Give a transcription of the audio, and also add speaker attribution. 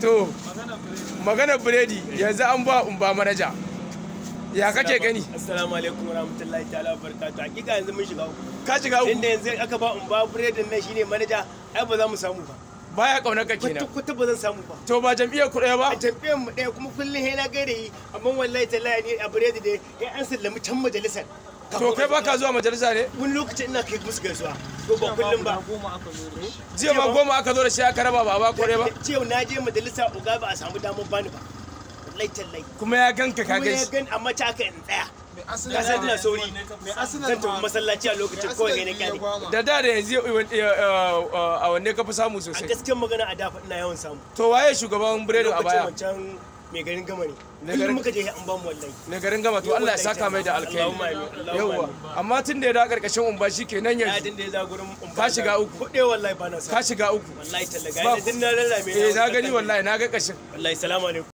Speaker 1: to magana biredi yanzu an ba umba manaja ya kake gani
Speaker 2: assalamu alaikum warahmatullahi ta'ala barakatuh hakika yanzu mun shiga uku ka shiga uku inda yanzu aka ba umba biredin nan shine manaja ai ba za mu samu ba baya kaunar ka kenan
Speaker 1: kwata ba zan samu ba to ba jam'iyyar ku daya ba
Speaker 2: jam'iyyar mu ɗaya kuma sai hena gaida yi amma wallahi tallahi ne a biredi dai ya an sallami can majalisar
Speaker 1: to kai baka zuwa majalisa ne mun lokacin ina kai musu gaisuwa ko ba kullum ba jiya ba goma aka zo da shi aka raba ba ba kore ba
Speaker 2: jiya na je majalisa
Speaker 1: uga ba a samu damar bani ba wallahi tallahi kuma ya ganka ka gaishe
Speaker 2: kuma ya gan amma ta ka in tsaya ka san ina sauri zan tafi masallaci a lokacin kawai ne kyale da
Speaker 1: da da yanzu a wanne ka fi samu sosai a
Speaker 2: gaskiyar magana a dafa ina yawan samu
Speaker 1: to waye shugaban biredin a baya
Speaker 2: mai garin gama ne kullum muka je an bamu wallahi
Speaker 1: mai garin gama to Allah ya saka mai da alkhairi yawwa amma tun da ya da karkashin umba nan yanzu ya din da ya za gurin umba ka shiga uku kode wallahi ba na sa ka shiga uku wallahi tallaga ya din na rarrame eh na gani wallahi na ga kashin wallahi salamu alaikum